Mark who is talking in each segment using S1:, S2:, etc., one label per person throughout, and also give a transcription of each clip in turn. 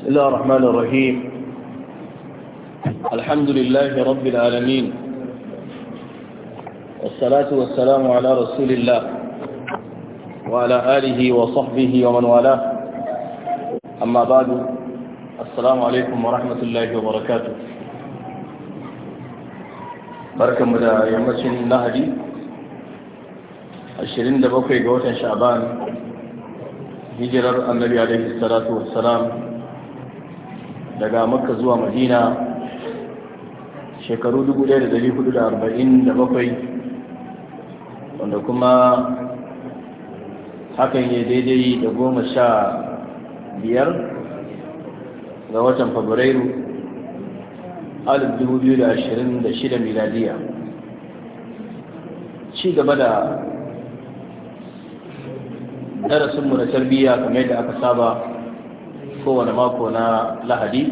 S1: بسم الله الرحمن الرحيم الحمد لله رب العالمين والصلاة والسلام على رسول الله وعلى آله وصحبه ومن والاه أما بعد السلام عليكم ورحمة الله وبركاته بركة مدى يمتن نهدي الشرين دبوكي قوة شعبان hijirar annabi alaihi salatu wassalam daga makka zuwa madina shekaru 1447 wanda kuma hakan ya daidai da goma sha biyar ga watan fabrairu 2026 miladiya ci gaba da darasinmu na tarbiyya kamar da aka saba kowane mako na lahadi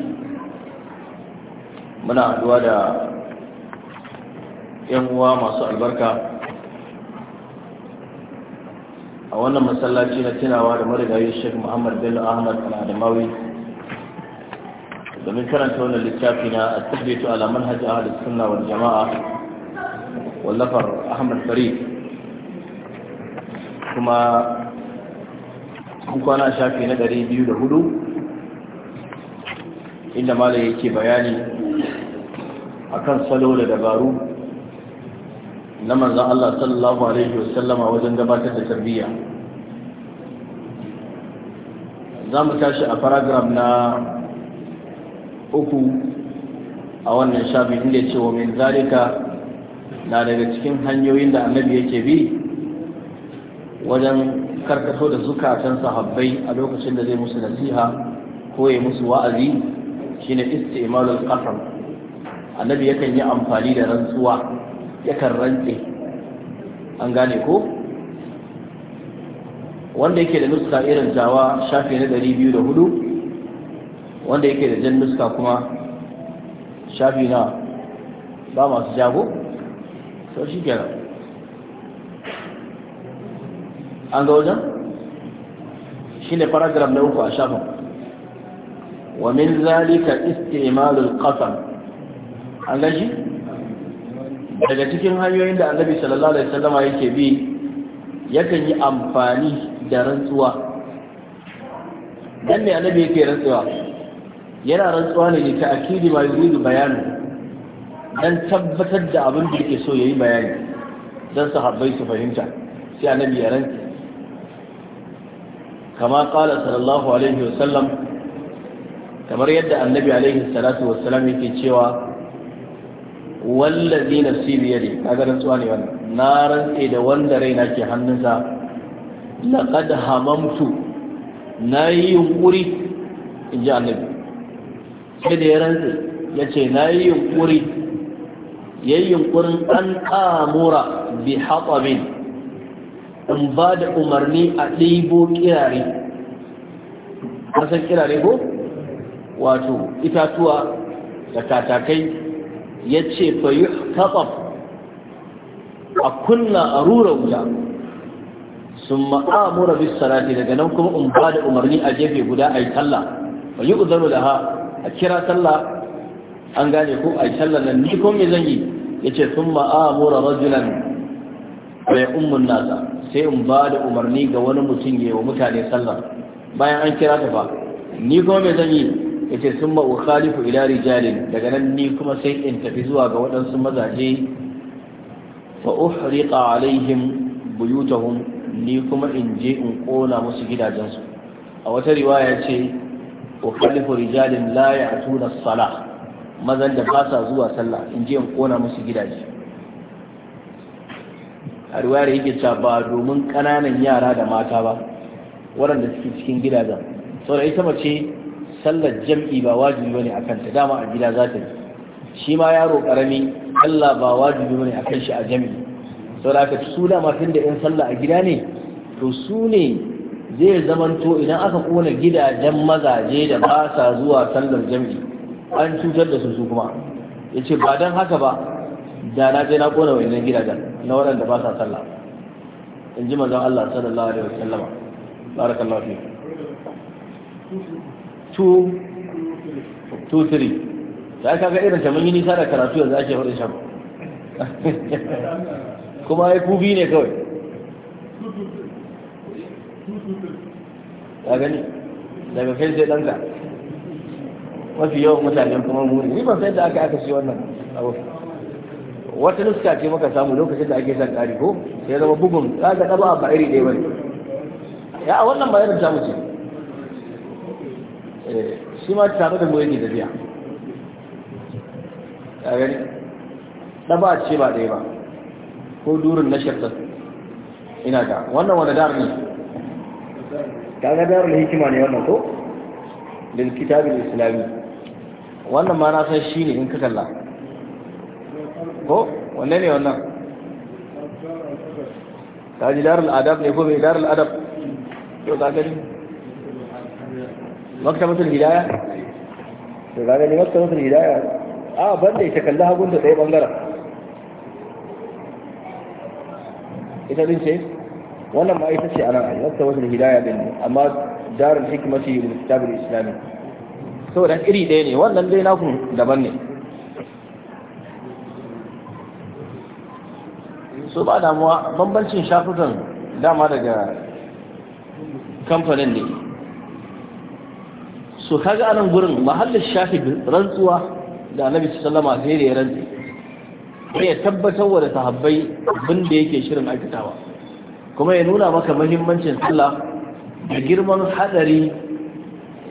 S1: muna haduwa da yan uwa masu albarka a wannan masallaci na tunawa da marigayi shek muhammad bello ahmad al'adamawi domin karanta wannan littafi na a tabbatu alaman hajji a halittu suna wani jama'a wallafar ahmad farid kuma kwana shafi na hudu. inda malam yake bayani akan salo da dabaru na manzan Allah sallallahu alaihi wasallama wajen gabatar da tarbiyya za mu tashi a paragraf na uku a wannan shafi inda ce wa min zalika na daga cikin hanyoyin da annabi yake bi wajen karkato da zukatan sahabbai a lokacin da zai musu nasiha ko ya musu wa'azi shine istimalul qasam annabi yakan yi amfani da rantsuwa yakan rantse an gane ko wanda yake da nuska irin jawa shafi na 204 wanda yake da jan nuska kuma shafi na ba masu jago sau shi kenan an ga wajen shi ne paragraf na uku a shafin wa min zalika istimalul qasam an gaji daga cikin hanyoyin da annabi sallallahu alaihi wasallama yake bi yakan yi amfani da rantsuwa dan ne annabi yake rantsuwa yana rantsuwa ne ta akidi ma yuridu bayanu dan tabbatar da abin da yake so yayi bayani dan sahabbai su fahimta sai annabi ya rantsa kama kala sallallahu alaihi wasallam kamar yadda annabi alaihi salatu wassalam yake cewa wallazi nafsi bi yadi kaga rantsuwa ne wannan na rantse da wanda raina ke hannunsa laqad hamamtu nayi yunkuri inji annabi sai da ya rantse yace nayi yunkuri yayi yunkurin an amura bi hatabin in ba da umarni a ɗibo kirare san kirare ko wato itatuwa da katakai ya ce fa yi a kunna a rura wuta sun ma'amura bis salati daga nan kuma in ba da umarni a gefe guda a yi talla fa yi uzaru da ha a kira talla an gane ko a yi talla nan ni kuma zan yi ya ce sun ma'amura rajulan bai ummun nasa sai in ba da umarni ga wani mutum ya yi wa mutane sallar bayan an kira ta ba ni kuma mai zan yi yace ma ukhalifu ila rijalin daga nan ni kuma sai in tafi zuwa ga waɗansu mazaje fa uhriqa alaihim buyutahum ni kuma in je in kona musu gidajensu a wata riwaya ce ukhalifu rijalin la ya'tuna as-salah mazan da ba sa zuwa sallah in je in kona musu gidaje a da yake cewa ba domin ƙananan yara da mata ba waɗanda suke cikin gidajen saboda ita mace sallar jam'i ba wajibi bane a ta dama a gida za ta yi shi ma yaro karami Allah ba wajibi bane kan shi a jam'i saboda haka su da matan da yan sallar a gida ne to su ne zai zamanto idan aka kona gidajen mazaje da ba sa zuwa sallar jam'i an cutar da su su kuma yace ba dan haka ba da na je na kona wayannan gidajen na waɗanda ba sa sallah in ji manzon Allah sallallahu alaihi wasallama barakallahu fiik 2-3 ya kaga irin shaman yi nisa da karatu yanzu ake hudun shaman kuma ya kubi ne kawai 2-3 ya gani daga kai sai ɗanka mafi yawan mutanen kuma muni ni ban sai da aka aka shi wannan abu wata nuska ce maka samu lokacin da ake san ƙari ko sai zama bugun ka ga ɗaba ba iri ɗaya ba ne ya wannan bayanin irin samu ce Eh, shi ma tare da goyi da biya a gani ɗaba ce ba ɗaya ba ko durin na shirtar ina ga wannan wani dar ne kaga darul hikima ne wannan ko din kitabin islami wannan ma na san shi ne in ka kalla
S2: ko wanne ne wannan kaji darul adab ne ko mai darul adab to ta gani maktabatul hidaya
S1: to ga ne maktabatul hidaya a banda ita kalla hagun da ɗaya bangaren ita din ce wannan ma ita ce anan ai maktabatul hidaya din amma darul hikmati lil kitabul islami saboda iri ɗaya ne wannan dai naku daban ne so ba damuwa bambancin shafukan dama daga kamfanin ne so kaga anan gurin mahallin shafi rantsuwa da annabi sallama sai da ya rantsu. sai ya tabbatar da sahabbai bin da yake shirin aikatawa kuma ya nuna maka muhimmancin sallah da girman hadari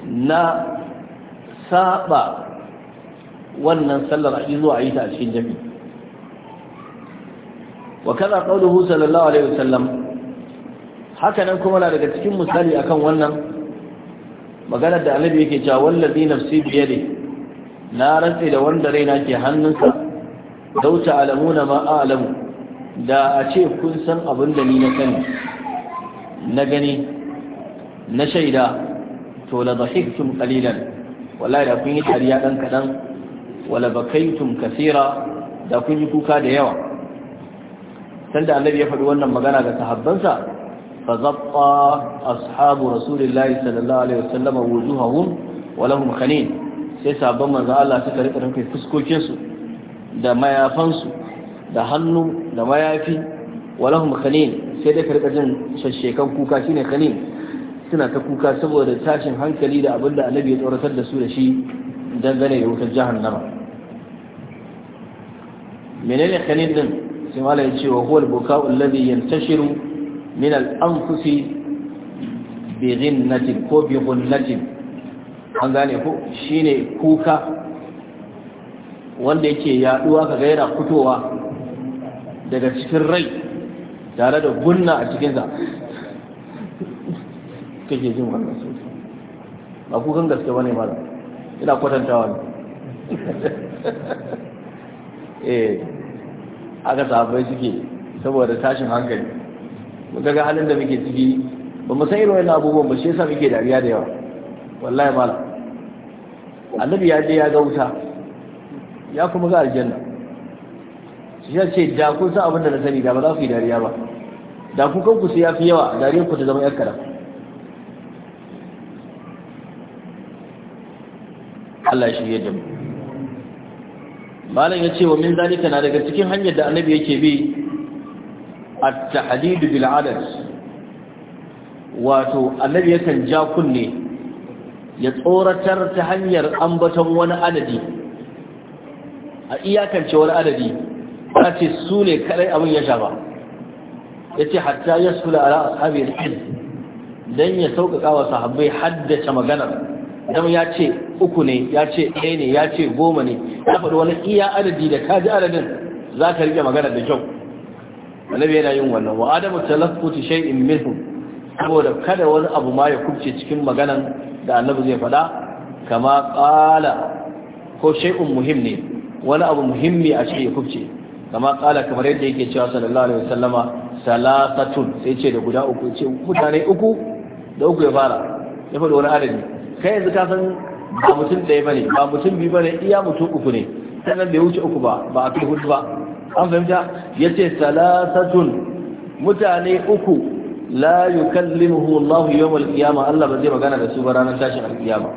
S1: na saba wannan sallar a zuwa a yi ta a cikin jami wa kana qauluhu sallallahu alaihi wasallam haka nan kuma na daga cikin misali akan wannan maganar da annabi yake cewa wallazi nafsi bi yadi na rantsi da wanda raina ke hannunsa law ta'lamuna ma a'lamu da a ce kun san abin da ni na sani na gani na shaida to la dhahiktum qalilan wallahi da kun yi tariya dan kadan wala bakaitum kaseera da kun yi kuka da yawa sanda annabi ya faɗi wannan magana ga sahabbansa فغطى أصحاب رسول الله صلى الله عليه وسلم وجوههم ولهم خنين سيسا بما زعلا سكرت رفي فسكو كيسو دا ما يفنسو دا هنو دا ما يفي ولهم خنين سيدا كرت جن ششيكا كوكا شين خنين suna ta kuka saboda tashin hankali da abinda da annabi ya tsoratar da su da shi dangane da wutar jahannama menene khanin din sai mala ya ce wa huwa al-buka'u alladhi من الانفس anfusi bi ghinnatin ko an gane ko shine kuka wanda yake yaduwa kaga yana fitowa daga cikin rai tare da gunna a cikinsa kake jin wannan sosai ba kukan gaske ba ne ina kwatantawa ne eh aka sabai suke saboda tashin hankali muka ga halin da muke ciki ba mu san irin abubuwan ba shi yasa muke dariya da yawa wallahi mala annabi ya je ya ga wuta ya kuma ga aljanna shi ya ce da kun san abin da na sani da ba za ku yi dariya ba da ku ku sai ya fi yawa dariyar ku ta zama yar karam Allah shi ya damu malam ya ce wa min zalika na daga cikin hanyar da annabi yake bi at-tahdid bil adad wato annabi yakan ja kunne ya tsoratar ta hanyar ambaton wani adadi a iyakance wani adadi ta ce su ne kadai abin ya shafa ya ce hatta ya sula ala ashabi al-hil dan ya sauƙaƙa wa sahabbai haddace maganar dan ya ce uku ne ya ce ɗaya ne ya ce goma ne ya faɗi wani iya adadi da kaji adadin za ka riƙe maganar da kyau annabi yana yin wannan wa adamu talaffuti shay'in minhu saboda kada wani abu ma ya kubce cikin maganan da annabi zai faɗa kama qala ko shay'un muhim ne wani abu muhimmi a cikin ya kubce kama qala kamar yadda yake cewa sallallahu alaihi wasallama salasatun sai ce da guda uku ce mutane uku da uku ya fara ya faɗi wani adadi kai yanzu ka san ba mutum ɗaya bane ba mutum biyu bane iya mutum uku ne sannan bai wuce uku ba ba a kai hudu ba an fahimta ya ce salasatun mutane uku la yi kallimuhu Allah yau malkiyama Allah ba zai magana da su ba ranar tashin alkiyama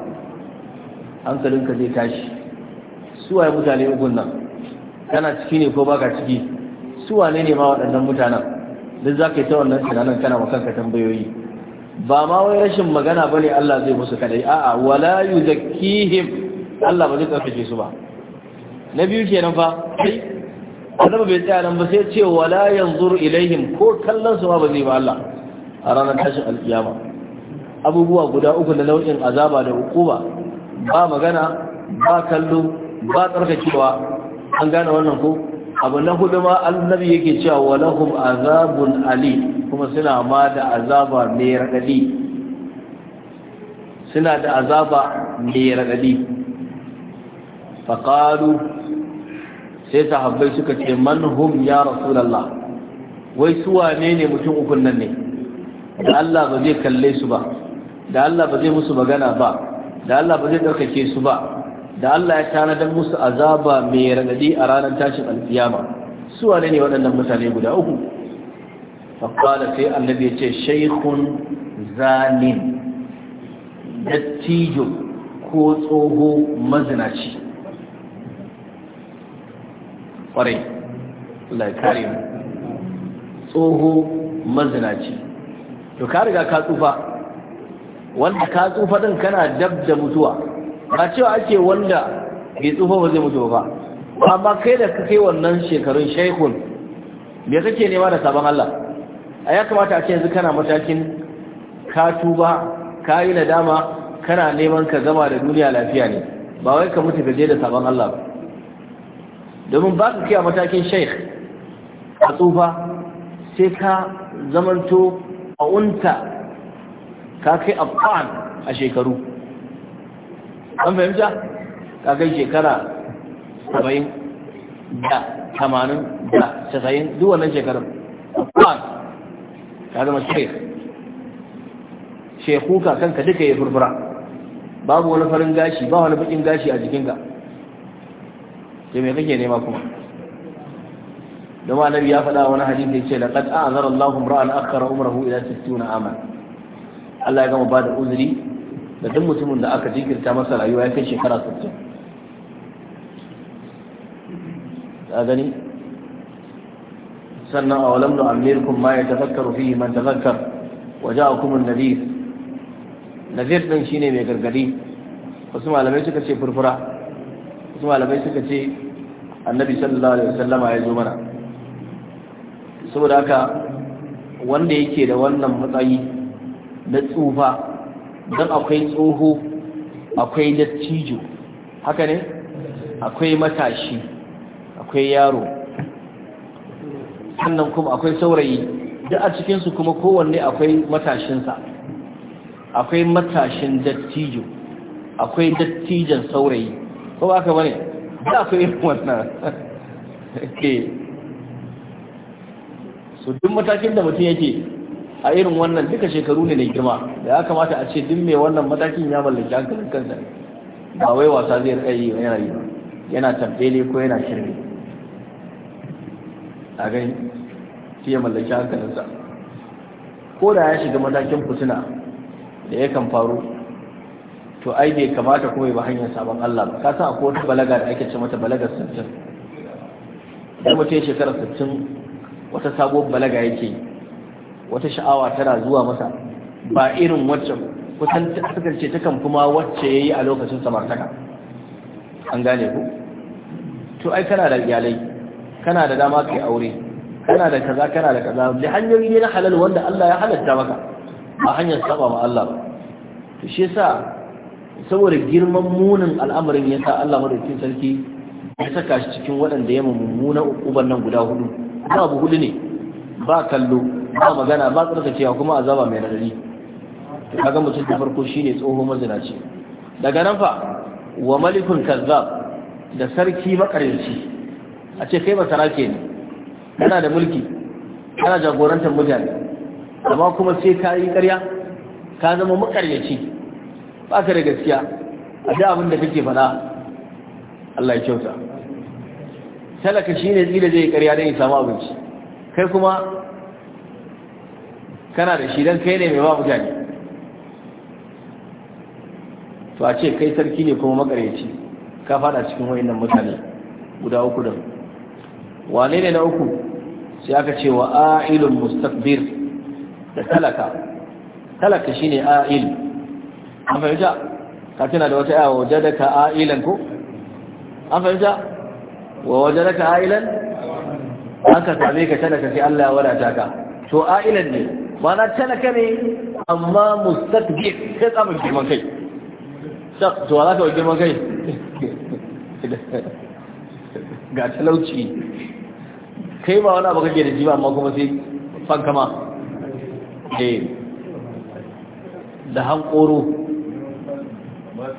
S1: hankalinka zai tashi waye mutane ukun nan kana ciki ne ko baka ciki suwane ne ma waɗannan mutanen duk za ka yi ta wannan tunanin kana wa kanka tambayoyi ba ma wai rashin magana ba ne Allah zai musu kadai a'a wala yuzakkihim Allah ba zai tsarkake su ba na biyu kenan fa annabi bai tsaya nan ba sai ce wala yanzu ilaihim ko kallon su ma ba zai ba Allah a ranar tashin alkiyama abubuwa guda uku na nau'in azaba da hukuma ba magana ba kallo ba tsarkakewa an gane wannan ko abu na hudu ma annabi yake cewa walahum azabun ali kuma suna ma da azaba mai radadi suna da azaba mai radadi faqalu sai sahabbai suka ce man hum ya rasulullah wai su wane ne mutum ukun nan ne da Allah ba zai kalle su ba da Allah ba zai musu magana ba da Allah ba zai ɗaukake su ba da Allah ya tanadar musu azaba mai radadi a ranar tashin alkiyama su wane ne waɗannan mutane guda uku faƙala sai annabi ya ce shaikhun zalim dattijo ko tsoho mazinaci kwarai Allah ya kare mu tsoho mazinaci to ka riga ka tsufa wanda ka tsufa din kana dab da mutuwa ba cewa ake wanda bai tsufa ba zai mutu ba amma kai da kake wannan shekarun shaikhun me kake nema da sabon Allah a ya kamata a ce yanzu kana matakin ka tuba ka yi nadama kana neman ka zama da duniya lafiya ne ba wai ka mutu gaje da sabon Allah ba domin ba ka kiyar matakin sheikh a tsufa sai ka zamanto a unta ka kai afan a shekaru an fahimta ka kai shekara 70 da 80 da 90 duk wannan shekarar afan ka zama sheikh shekuka kanka duka ya furfura babu wani farin gashi ba wani bukin gashi a jikinka to me kake nema kuma domin annabi ya faɗa wani hadisi ya ce laqad a'zara Allahu imra'an akhara umrahu ila 60 aman Allah ya gama ba da uzuri da duk mutumin da aka jinkirta masa rayuwa ya kai shekara 60 ka gani sannan a walam da amirkum ma ya tafakkaru fihi man tafakkar wa ja'akum an-nadhir nadhir din shine mai gargadi wasu malamai suka ce furfura wasu malamai suka ce annabi sallallahu alaihi wasallama ya zo mana saboda haka wanda yake da wannan matsayi na tsufa don akwai tsoho akwai dattijo haka ne akwai matashi akwai yaro sannan kuma akwai saurayi duk a cikinsu kuma kowanne akwai matashinsa akwai matashin dattijo akwai dattijan saurayi ko ba ka bane da su irin wannan ke su duk matakin da mutum yake a irin wannan duka shekaru ne da girma da ya kamata a ce duk mai wannan matakin ya mallaki hankalin kansa ba wai wasa zai rika yi yana yi yana tabbele ko yana shirme a gani shi ya mallaki hankalinsa ko da ya shiga matakin fusina da ya kan faru to ai bai kamata kuma ba hanyar sabon Allah ba ka akwai wata balaga da ake ce mata balagar sittin da mutum ya shekara sittin wata sabuwar balaga yake wata sha'awa tana zuwa masa ba irin wacce kusan sukan ce takan kuma wacce ya yi a lokacin samartaka an gane ku to ai kana da iyalai kana da dama kai aure kana da kaza kana da kaza da hanyoyi ne na halal wanda Allah ya halatta maka a hanyar saba ma Allah ba to shi yasa saboda girman munin al'amarin ya sa Allah madaukakin sarki ya saka shi cikin waɗanda ya mummuna uban nan guda hudu ba abu hudu ne ba kallo ba magana ba tsarkacewa kuma azaba mai radadi to kaga mutum da farko shine tsoho mazinaci daga nan fa wa malikun kazzab da sarki makarinci a ce kai ke ne kana da mulki kana jagorantar mutane amma kuma sai ka yi karya? ka zama makaryaci ba ka da gaskiya a da abin da kake faɗa Allah ya kyauta talaka shi ne tsira zai karya don yi samu abinci kai kuma kana da shi don kai ne mai babu mutane to a ce kai sarki ne kuma makaryaci ka fada cikin wayannan mutane guda uku da wane ne na uku sai aka ce wa a'ilun mustaqbir da talaka talaka shi ne ailun an fahimta ka tuna da wata yawa wajadaka ailan ko an fahimta wa wajadaka ailan an ka same ka tana sai Allah ya wadata ka to ailan ne mana ka ne amma mustaqbil ka tsamin girman kai to wala za ka girman kai ga talauci kai ba wani abu kake da jima amma kuma sai fankama eh da hankoro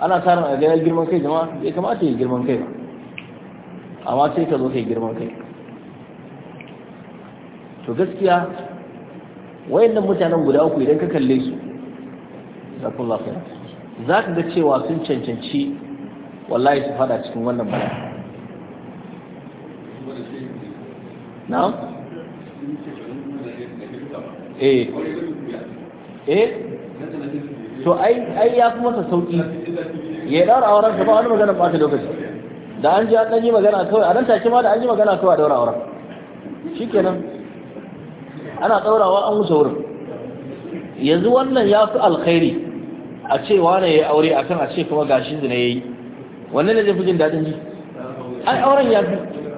S1: ana sa a ga girman kai jama'a ya kamata ya girman kai ba amma sai ka zo kai girman kai to gaskiya nan mutanen guda uku idan ka kalle su za ku zafi za ka ga cewa sun cancanci wallahi su fada cikin wannan bala na?
S2: eh eh to ai ya
S1: fi masa sauki ya daura auren ba wani magana ba ta lokaci da an ji an yi magana kawai a nan take ma da an yi magana kawai a daura auren shikenan ana daurawa an wuce wurin yanzu wannan ya fi alkhairi a ce wane ya aure akan a ce kuma gashi zina ya yi. wannan ne zai fi jin daɗin ji ai auren ya fi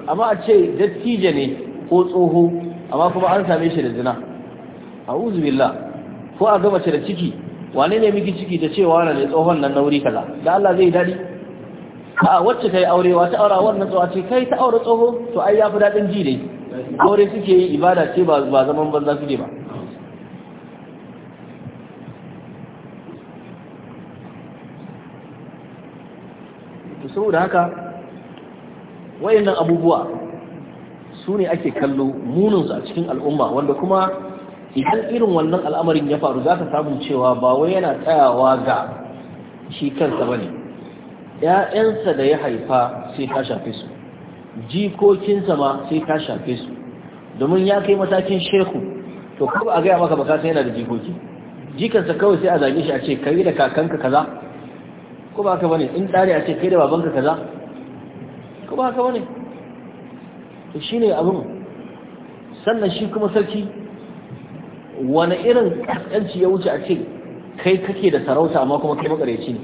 S1: amma a ce dattija ne ko tsoho amma kuma an same shi da zina a'udhu billah ko a gama ce da ciki wane ne miki ciki da cewa na ne tsohon nan na wuri kaza da Allah zai dadi a wacce kai aure wata aura wannan tsoha ce kai ta aure tsoho to ai yafi dadin ji ne aure suke yi ibada ce ba ba zaman banza suke ba to saboda haka wayannan abubuwa su ne ake kallo muninsu a cikin al'umma wanda kuma idan irin wannan al'amarin ya faru za ka samu cewa ba wai yana tsayawa ga shi kansa ba ne ‘ya'yansa da ya haifa sai ta shafe su jikokinsa ma sai ta shafe su domin ya kai matakin shehu to kuma a gaya maka bukatun yana da jikoki jikansa kawai sai a zage shi a ce kai da kakanka kaza ko ba ka bane in ɗari a ce kai da babanka kaza ko ba ka bane to shine abin sannan shi kuma sarki wani irin kaskanci ya wuce a ce kai kake da sarauta amma kuma kai makareci ne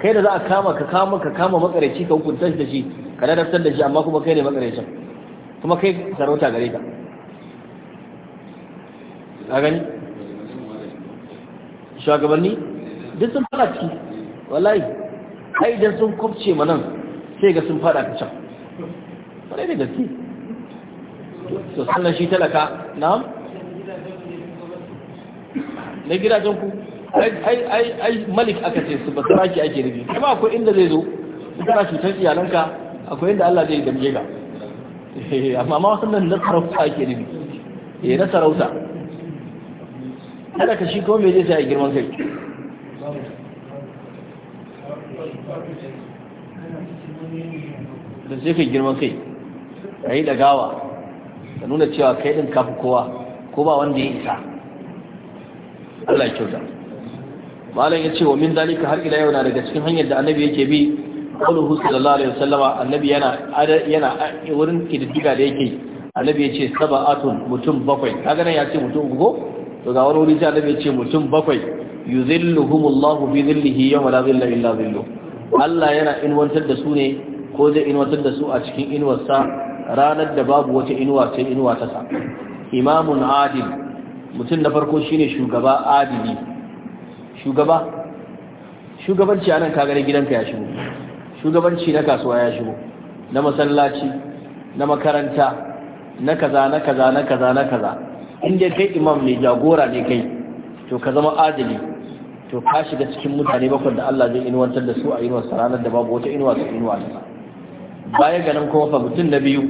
S1: kai da za a kama ka kama ka kama makareci ka hukunta da shi ka ladabtar da shi amma kuma kai ne makarecin kuma kai sarauta gare ka a gani shugabanni duk sun fada ciki wallahi ai idan sun kwafce ma nan sai ga sun fada can wadai da gaske to sannan shi talaka na'am na gidajen ku ai malik aka ce su ba saraki ake nufi kuma akwai inda zai zo in kana cutar iyalanka akwai inda Allah zai damje ka eh, amma ma nan na sarauta ake nufi eh na sarauta kada ka shi ko me zai sa girman kai da sai kai girman kai ayi yi dagawa ka nuna cewa kai din kafi kowa ko ba wanda ya isa Allah ya kyauta malam ya ce wa min zalika har ila yau na daga cikin hanyar da annabi yake bi qawluhu sallallahu alaihi wasallama annabi yana yana wurin kididdiga da yake annabi ya ce sab'atun mutum bakwai kaga nan ya ce mutum uku ko to ga wani wuri annabi ya ce mutum bakwai yuzilluhumullahu bi dhillihi yawma la dhilla illa dhilluh Allah yana inwantar da su ne ko zai inwantar da su a cikin inuwarsa ranar da babu wata inuwa sai inuwa ta sa imamun adil mutum na farko shine shugaba adili shugaba shugabanci anan ka gare gidanka ya shigo shugabanci na kasuwa ya shigo na masallaci na makaranta na kaza na kaza na kaza na kaza inda kai imam ne jagora ne kai to ka zama adili to ka shiga cikin mutane bakwai da Allah zai inuwantar da su a inuwar ranar da babu wata inuwa ta inuwa baya ganin kuma fa mutum na biyu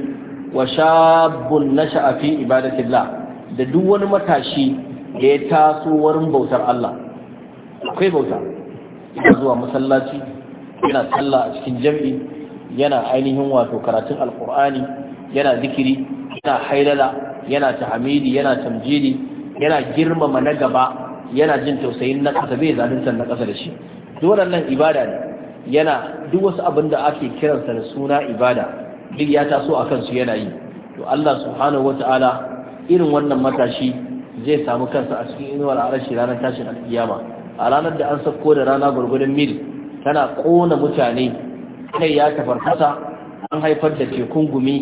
S1: wa shabun nasha'a fi ibadatillah da duk wani matashi da ya taso wurin bautar Allah akwai bauta yana zuwa masallaci yana sallah a cikin jam'i yana ainihin wato karatun alkur'ani yana zikiri yana hailala yana tahmidi yana tamjidi yana girmama na gaba yana jin tausayin na kasa bai zalunta na kasa da shi duk waɗannan ibada ne yana duk wasu abin da ake kiransa da suna ibada duk ya taso a kansu yana yi to Allah subhanahu wata'ala irin wannan matashi zai samu kansa a cikin inuwar arashi ranar tashin alkiyama a ranar da an sako da rana gwargwadon mil tana kona mutane kai ya tafarkasa an haifar da tekun gumi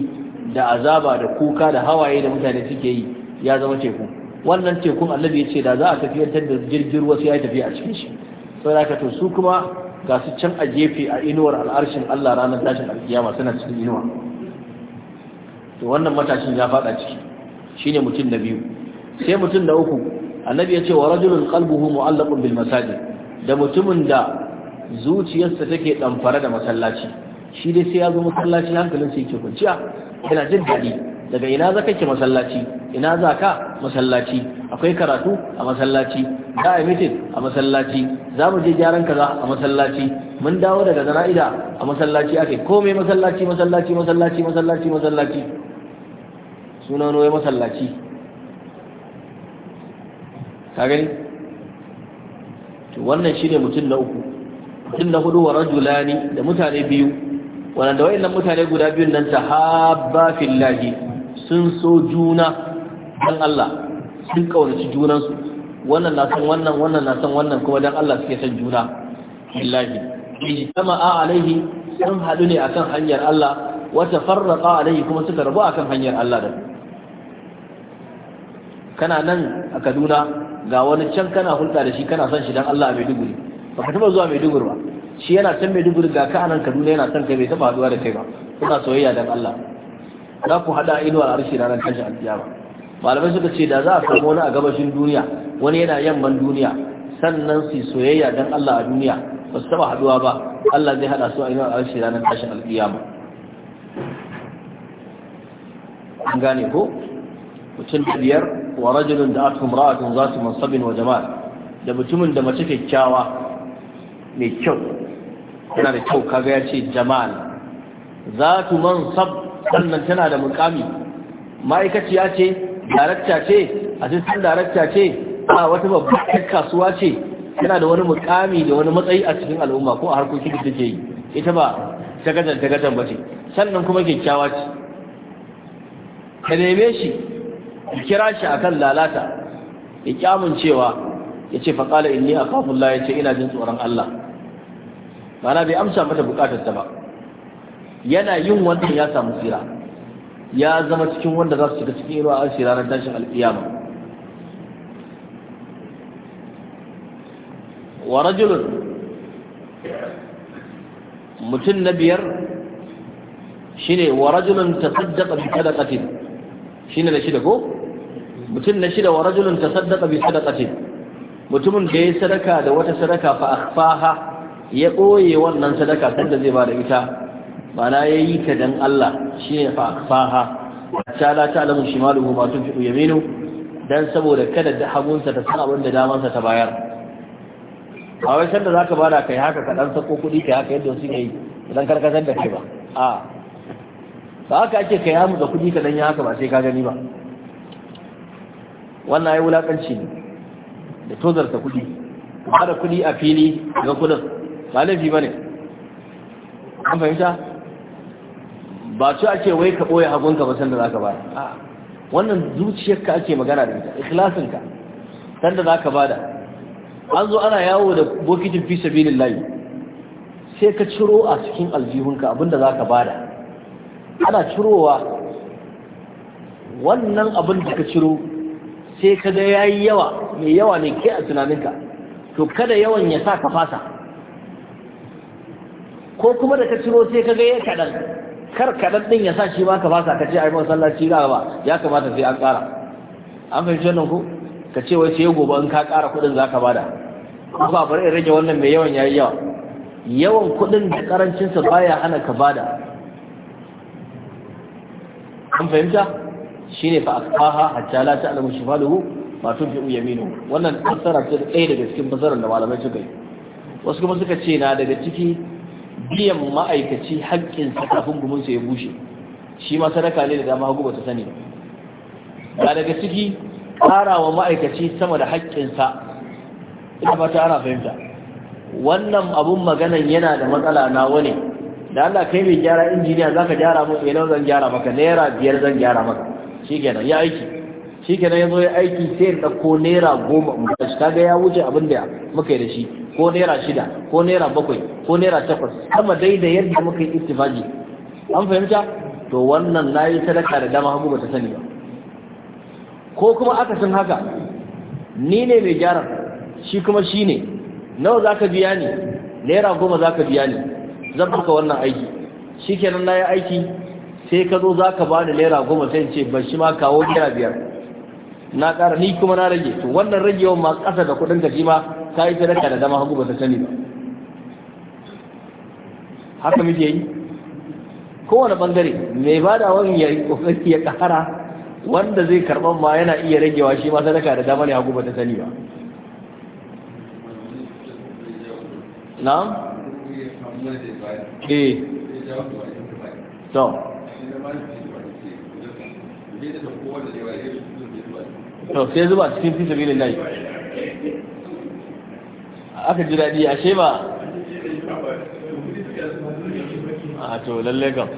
S1: da azaba da kuka da hawaye da mutane suke yi ya zama teku wannan tekun annabi ya ce da za a tafiyantar da jirgin ruwa sai ya tafiya a cikin shi sai aka to su kuma ga su can a jefe a inuwar al'arshin Allah ranar tashin alkiyama suna cikin inuwa to wannan matashin ya fada ciki shine mutum na biyu sai mutum na uku annabi ya ce wa rajulun qalbuhu mu'allaqun bil masajid da mutumin da zuciyarsa take damfara da masallaci shi dai sai ya zo masallaci hankalin sai yake kwanciya ina jin daɗi daga ina zaka ke masallaci ina zaka masallaci akwai karatu a masallaci da a meeting a masallaci za mu je gyaran kaza a masallaci mun dawo daga zana'ida a masallaci ake komai masallaci masallaci masallaci masallaci masallaci suna noye masallaci ka gani to wannan shine mutum na uku mutum na hudu wa rajulani da mutane biyu da wayannan mutane guda biyun nan tahabba fillahi sun so juna dan Allah sun kaunaci junansu wannan na san wannan wannan na san wannan kuma dan Allah suke san juna billahi ijtama'a alaihi sun hadu ne akan hanyar Allah wata tafarraqa alaihi kuma suka rabu akan hanyar Allah da kana nan a kaduna ga wani can kana hulɗa da shi kana son shi dan Allah a Maiduguri ba ka taɓa zuwa Maiduguri ba shi yana can Maiduguri ga ka nan kaduna yana son kai bai taɓa haɗuwa da kai ba kuna soyayya dan Allah za ku haɗa ido a harshe ranar tashin alkiyama malamai suka ce da za a samu wani a gabashin duniya wani yana yamman duniya sannan su soyayya dan Allah a duniya ba su taɓa haɗuwa ba Allah zai haɗa su a inuwar harshe ranar tashin alkiyama an gane ko mutum da biyar wa rajulun da atum a za su mansabin wa jama'a da mutumin da mace kyakkyawa mai kyau yana da kyau kaga ya ce jama'a za su mansab sannan tana da mukami ma'aikaciya ce darakta ce cikin darakta ce a wata babbar kasuwa ce tana da wani mukami da wani matsayi a cikin al'umma ko a harkokin da take yi ita ba ta ta gajan ba ce sannan kuma kyakkyawa ce ka neme shi kira shi akan lalata ya kyamun cewa ya ce faƙala ni a kafin la ya ce ina jin tsoron Allah na bai amsa mata ta ba yana yin wannan ya samu tsira ya zama cikin wanda za su shiga cikin inuwa a shi ranar tashin al'iyama wa rajulun mutum na biyar shine wa rajulun tasaddaqa bi sadaqatin shine da shi da ko mutum na shida wa rajulun tasaddaqa bi sadaqatin mutumin da ya sadaka da wata sadaka fa akhfaha ya ɓoye wannan sadaka sanda zai ba da ita mana ya yi ta dan Allah shi ne fa akhfaha ta la alamu shimaluhu ma tunfiqu yaminu dan saboda kada da hagunsa ta san abin da damansa ta bayar a wai sanda zaka bada kai haka ka dan sako kuɗi kai haka yadda su yi dan karkasar da kai ba a ba haka ake kai amu da kuɗi ka dan yi haka ba sai ka gani ba wannan ya wulaƙanci ne da tozarta kuɗi ba da kuɗi a fili ga kudin ba laifi ba ne an fahimta ba su ake wai ka ɓoye hagunka ba sanda za ka bada wannan zuciyarka ake magana da ita ikhlasinka sanda za ka bada an zo ana yawo da bokitin fi sabilin layi sai ka ciro a cikin aljihunka abinda za ka bada ana cirowa wannan abin da ka ciro sai ka ga yi yawa mai yawa mai ke a tunaninka to kada yawan ya sa ka fasa ko kuma da ka ciro sai ka ga ya kaɗan kar kaɗan ɗin ya sa shi ma ka fasa ka ce ai masallaci ga ba ya kamata sai an ƙara an fahimci wannan ko ka ce wai sai gobe in ka ƙara kuɗin za ka bada ko ba bari in rage wannan mai yawan yayi yawa yawan kuɗin da ƙarancinsa baya hana ka bada an fahimta Shi ne fa asbaha hatta la ta'lamu shimaluhu ma tunfiqu yaminu wannan fassara ce ɗaya daga cikin fassarar da malamai suka yi wasu kuma suka ce na daga ciki biyan ma'aikaci haƙƙin sakafin kafin gumin sa ya bushe shi ma sadaka ne da dama hagu ta sani ba daga ciki ƙara wa ma'aikaci sama da haƙƙin sa ina fata ana fahimta wannan abun maganan yana da matsala na wani. da Allah kai mai gyara injiniya zaka gyara mu ina eh, zan gyara maka naira biyar zan gyara maka shi kenan ya aiki shi kenan ya zo ya aiki sai ya ɗauko naira goma in ba shi kaga ya wuce abin da muka yi da shi ko naira shida ko naira bakwai ko naira takwas ma dai da yadda muka yi ittifaki an fahimta to wannan na yi sadaka da dama hagu ba ta sani ba ko kuma aka san haka ni ne mai gyaran shi kuma shi ne nawa za ka biya ni naira goma za ka biya ni zan baka wannan aiki shi kenan na yi aiki sai ka zo za ka bani naira goma sai ce ban shi ma kawo naira biyar na ƙara ni kuma na rage to wannan ragewan ma ƙasa da kuɗin ka ma ka yi sadaka da dama hagu ba ta sani ba haka muke yi kowane ɓangare mai ba da wani ya ƙoƙarki ya ƙara wanda zai karɓan ma yana iya ragewa shi ma sadaka da dama ne hagu ba ta sani ba
S2: na'am eh to to sai zuba cikin fi sabilin layi
S1: aka ji daɗi ashe ba
S2: a to lalle kam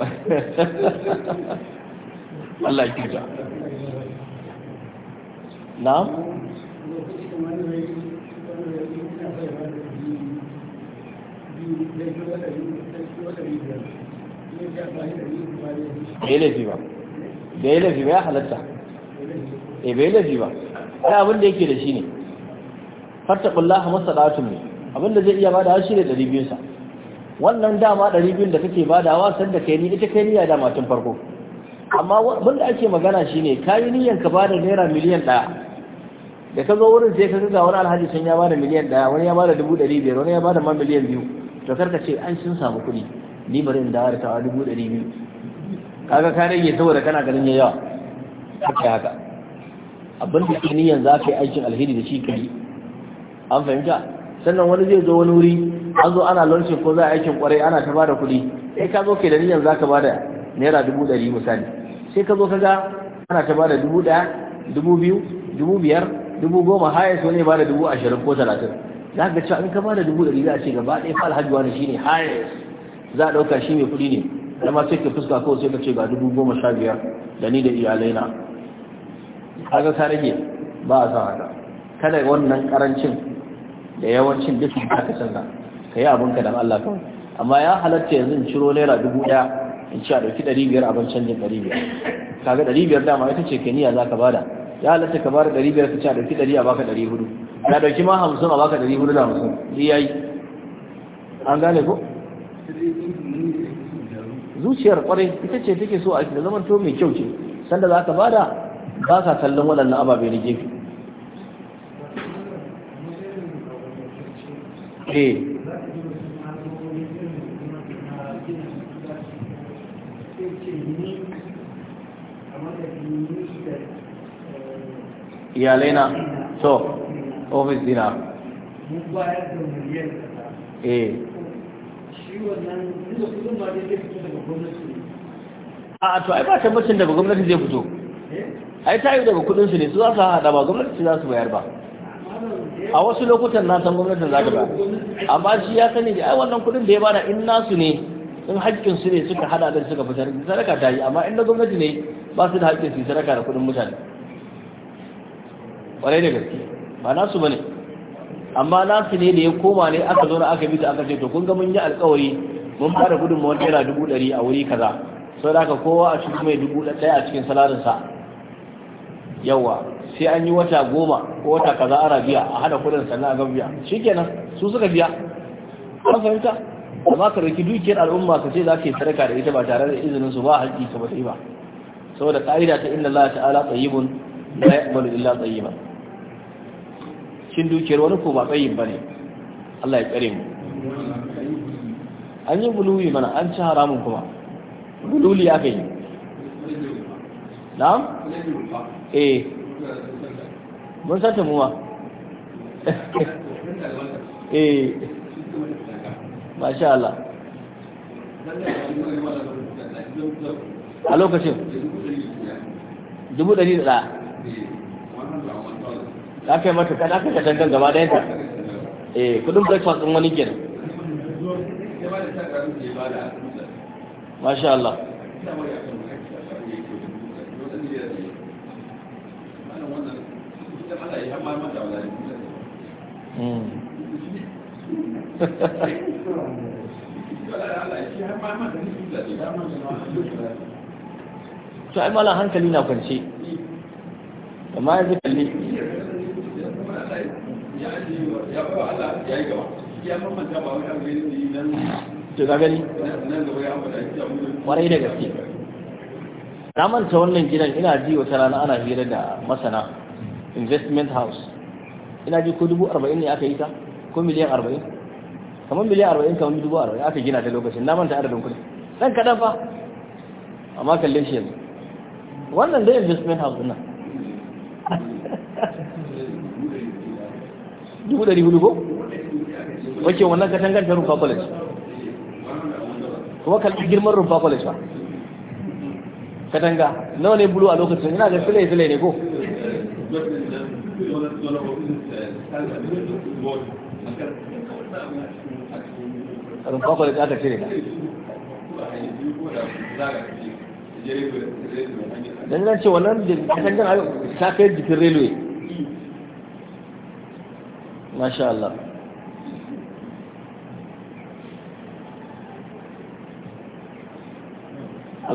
S1: Allah kyauta na?
S2: Thank you. bai laifi ba
S1: bai laifi ba ya halatta eh bai laifi ba ai abin da yake da shi ne fattaqullaha masadatun ne abin da zai iya ba da shi ne 200 sa wannan dama ɗari biyun da kake badawa san da kai ni ita kai niyya dama tun farko amma abin da ake magana shine kayi niyyan ka bada naira miliyan 1 da ka zo wurin sai ka ga wani alhaji sun ya bada miliyan 1 wani ya bada biyar wani ya bada ma miliyan biyu to karka ce an sun samu kuɗi ni bari in dawo da tawa dubu ɗari biyu kaga ka rage saboda kana ganin ya yawa haka haka abin da ke niyan za ka yi aikin alheri da shi kai an fahimta sannan wani zai zo wani wuri an zo ana launching ko za a aikin kwarai ana ta bada kuɗi sai ka zo kai da niyan za ka bada naira dubu ɗari misali sai ka zo ka ga ana ta bada dubu ɗaya dubu biyu dubu biyar dubu goma har wani ne bada dubu ashirin ko talatin za ka ga cewa in ka bada da dubu ɗari za a ce gaba ɗaya fa alhaji wani shine hayas za a ɗauka shi mai kuɗi ne ma sai ka fuska kawai sai ka ce ga dubu goma sha biyar da ni da iyalai na kaga ka rage ba a sa haka kada wannan karancin da yawancin duk da ka canza ka yi abinka da Allah kawai amma ya halatta yanzu in ciro naira dubu ɗaya in ci a ɗauki ɗari biyar abin canjin ɗari biyar kaga ɗari biyar dama ita ce Keniya za ka bada ya halatta ka bada ɗari biyar ka ci a ɗauki ɗari a baka ɗari hudu ya ɗauki ma hamsin a baka ɗari hudu da hamsin zai an gane ko zuciyar kwarai ita ce take so a cikin zaman to mai kyau ce sanda za ka bada ba ka kallon waɗannan ababe na gefe
S2: eh. iyalai na so ofis dina a
S1: to ai ba tabbacin daga gwamnati zai fito eh? ai ta yi daga kudin su ne su za su hada ba gwamnati su za su bayar ba
S2: a wasu lokutan na san gwamnatin za ta bayar amma shi
S1: ya sani da ai wannan kudin da ya bada in nasu ne in haƙƙin su ne suka hada da suka fitar sadaka ta yi amma in na gwamnati ne ba su da haƙƙin su sadaka da kudin mutane ƙwarai da gaske ba nasu bane ne amma nasu ne da ya koma ne aka zo na aka bi ta aka ce to kun ga mun yi alkawari mun fara gudun mawar naira dubu ɗari a wuri kaza sau da aka kowa a cikin mai dubu ɗaya a cikin salarinsa yawa sai an yi wata goma ko wata kaza ana biya a hada kudin sannan a biya shikenan su suka biya an fahimta amma ka dauki dukiyar al'umma ka ce za ka yi sadaka da ita ba tare da izinin su ba haƙƙi ka ba ta yi ba saboda ka'ida ta inna Allah ta'ala tsayibun la yaqbalu illa tayyiban cin dukiyar wani ko ba tsayin ba ne Allah ya tsare mu an yi buluwi mana an ci haramun kuma bululi ya kai
S2: na'am eh
S1: mun santa muwa
S2: eh masha Allah a lokacin
S1: dubu ɗari da za ka yi mata ka dangan gaba ɗayan ta eh kudin breakfast ɗin wani gida. masha Allah hmm. to ai mala hankali na kwance amma yanzu kalli
S2: to ka gani kwarai
S1: da gaske na manta wannan gidan ina ji wata rana ana hira da masana investment house ina ji ko dubu arba'in ne aka yi ta ko miliyan arba'in kamar miliyan arba'in kamar dubu arba'in aka gina ta lokacin na manta adadin kudi dan kaɗan fa amma kalle shi yanzu wannan dai investment house nan dubu ɗari hudu ko
S2: wake wannan ka tanganta rufa college
S1: kuma kalli girman rufa college ba katanga nawa ne bulu a lokacin ina ga filai filai ne ko
S2: rufa college aka cire ka dan nan
S1: ce wannan da katangar ta kai jikin railway masha Allah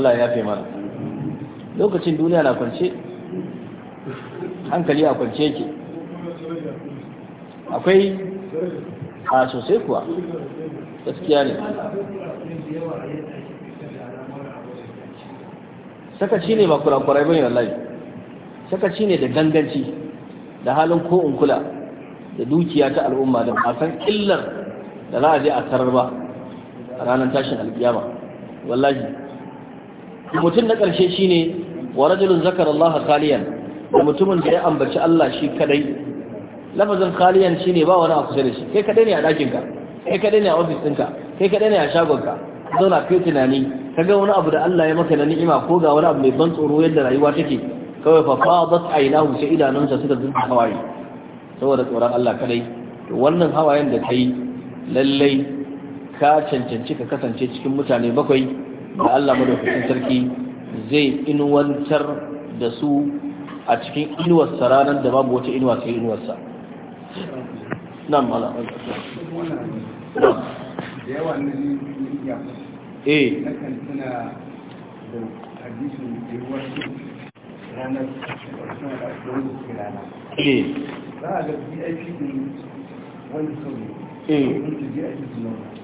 S1: Allah ya fi mana lokacin duniya na kwance hankali a kwance yake akwai a sosai kuwa gaskiya ne sakaci ne ba kurakurai bane wallahi sakaci ne da ganganci da halin ko in kula da dukiya ta al'umma da masan illar da za a je a tarar ba a ranar tashin alƙiyama wallahi mutum na ƙarshe ne wa rajulun zakara Allah khaliyan da mutumin da ya ambaci Allah shi kadai lafazin shi ne ba wani a kusa da shi kai kadai ne a ɗakinka. kai kadai ne a ofis ɗinka kai kadai ne a shagon ka zauna kai tunani ga wani abu da Allah ya maka na ni'ima ko ga wani abu mai ban tsoro yadda rayuwa take kawai fa fadat aynahu sai idanunsa suka zuba hawaye saboda tsoron Allah kadai to wannan hawayen da kai lallai ka cancanci ka kasance cikin mutane bakwai da Allah madaukakin sarki zai inuwantar da su a cikin inuwarsa ranar da babu wata inuwa sai inuwarsa nan mala
S2: da yawa eh da ranar da suke za a ga wani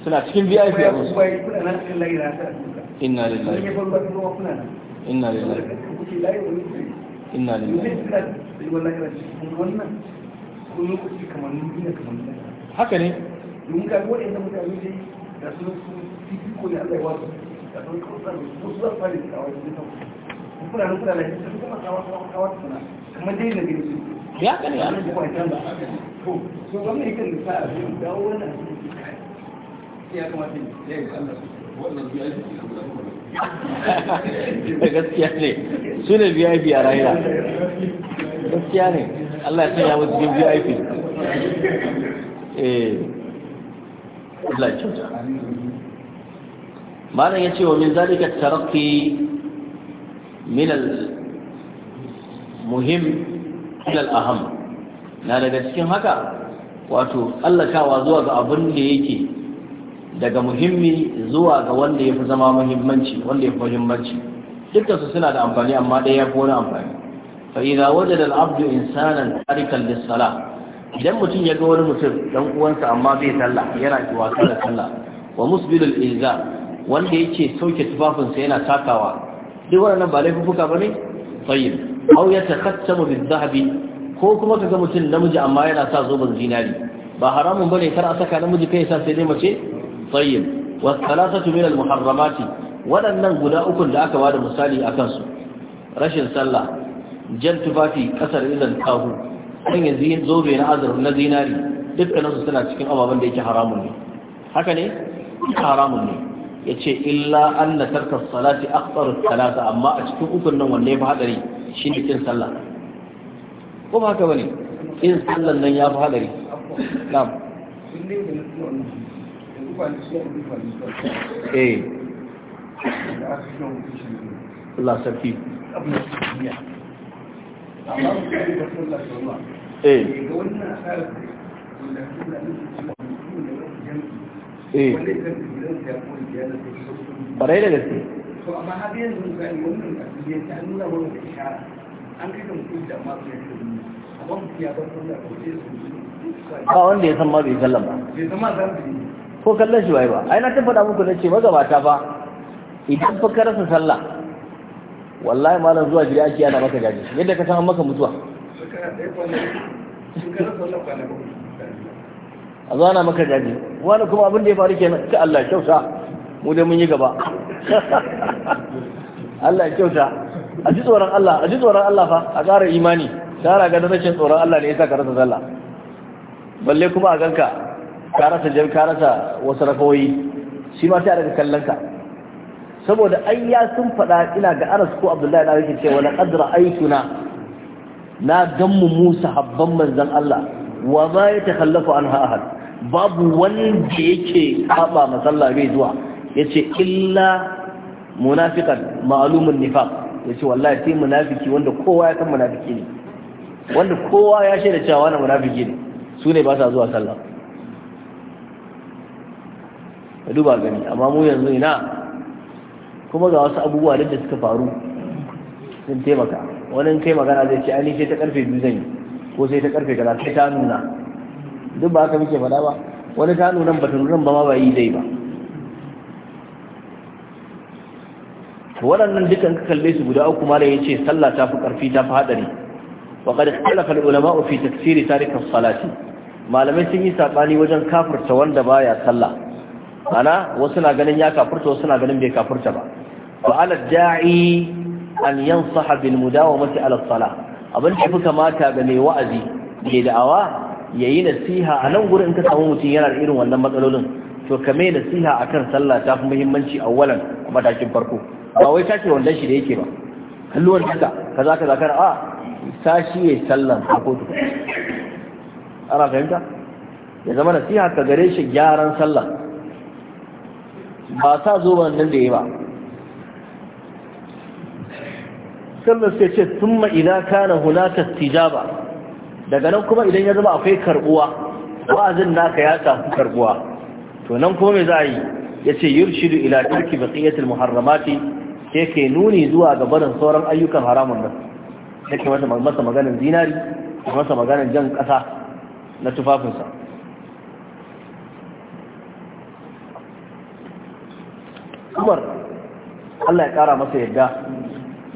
S2: suna cikin vip a inna lillahi inna lillahi inna lillahi haka ne domin ga wani da mutane ne da su ko ne Allah ya wasu da sun su da su da su kuma kawo kawo dai su ya ka ne ba to so wannan yake da sa a dawo wannan ya kamata ya yi da gaskiya ne su ne vip a rahila gaskiya ne allah ya sanya wasu jin vip
S1: eh malam ya ce wa min zalika tarakki min al muhim ila al aham na daga cikin haka wato allakawa zuwa ga abin da yake daga muhimmi zuwa ga wanda ya fi zama muhimmanci wanda ya fi muhimmanci dukkansu suna da amfani amma ɗaya ya fi wani amfani fa idza wajada al-abdu insanan tarikan lis-salah idan mutum ya ga wani mutum dan uwansa amma bai sallah yana kiwata da sallah wa musbilul ilza wanda yake sauke tufafinsa yana takawa duk wannan ba laifuka bane tayyib aw yatakhattamu bil-dhahabi ko kuma ka ga mutum namiji amma yana sa zoben zinari ba haramun bane kar a saka namiji kai sa sai dai mace tayyib Wasu thalathatu min al-muharramati waɗannan guda uku da aka bada misali a kansu. rashin sallah jan tufafi ƙasar idan kahu sanya zobe na azur na zinari dukkanin suna cikin ababen da yake haramun ne haka ne haramun ne yace illa anna tarka salati akhtar salata amma a cikin ukun nan wanne ba hadari shine kin sallah ko ba haka bane kin nan ya fi hadari na'am
S2: eh Allah sarki eh. Eh. da to amma har yanzu ga wannan nuna da an kai da mutum da ya san ma bai ba
S1: ko kallon shi wai ba ai na tabbata muku na ce magabata ba idan fa ka rasa sallah wallahi malam zuwa jira ki ana maka jaji yadda ka san maka mutuwa a zuwa na maka jaji wani kuma abin da ya faru kenan ka Allah kyauta mu dai mun yi gaba Allah kyauta a ji tsoron Allah a ji tsoron Allah fa a ƙara imani tsara ga rashin tsoron Allah ne ya sa ka rasa sallah balle kuma a ganka ka rasa jar ka rasa wasu rakawoyi shi ma sai a daga kallon ka saboda ai ya sun faɗa ina ga aras ko abdullahi na yake cewa na qad ra'aytuna na gammu musa habban manzan Allah wa ma yatakhallafu anha ahad babu wanda yake kaba masalla bai zuwa yace illa munafiqan ma'lumun nifaq ce wallahi sai munafiki wanda kowa ya san munafiki ne wanda kowa ya shaida cewa na munafiki ne su ne ba sa zuwa sallah ka duba gani amma mu yanzu ina kuma ga wasu abubuwa da suka faru sun taimaka wani kai magana zai ce ainihi sai ta karfe biyu zan yi ko sai ta karfe gara sai ta nuna duk ba haka muke faɗa ba wani ta nuna ba ta nuna ba ma ba yi zai ba waɗannan dukan ka kalle su guda uku mala ya ce sallah ta fi ƙarfi ta fi haɗari wa qad ikhtalafa al-ulama fi tafsir tarik salati malamai sun yi saɓani wajen kafirta wanda baya sallah ana wasu na ganin ya kafurta wasu na ganin bai kafurta ba fa ala da'i an yansaha bil mudawamati ala salah abin da yafi kamata ga mai wa'azi mai da'awa yayi nasiha a nan gurin ka samu mutum yana da irin wannan matsalolin to ka mai nasiha akan sallah ta fi muhimmanci awwalan a matakin farko ba wai tashi wanda shi da yake ba kalluwar duka kaza kaza kar a sashi ya sallan a kotu ana fahimta ya zama nasiha ka gare shi gyaran sallah ba sa zoben nan da ya ba sannan sai ce sun ina kana hunaka tijaba daga nan kuma idan ya zama akwai karbuwa wa'azin naka ya tafi karbuwa to nan kuma mai za a yi ya ce yi shidu ila turki baqiyatul muharramati sai ke nuni zuwa gabanin sauran ayyukan haramun nan ke masa maganin zinari masa maganin jan ƙasa na tufafinsa Umar Allah ya kara masa yadda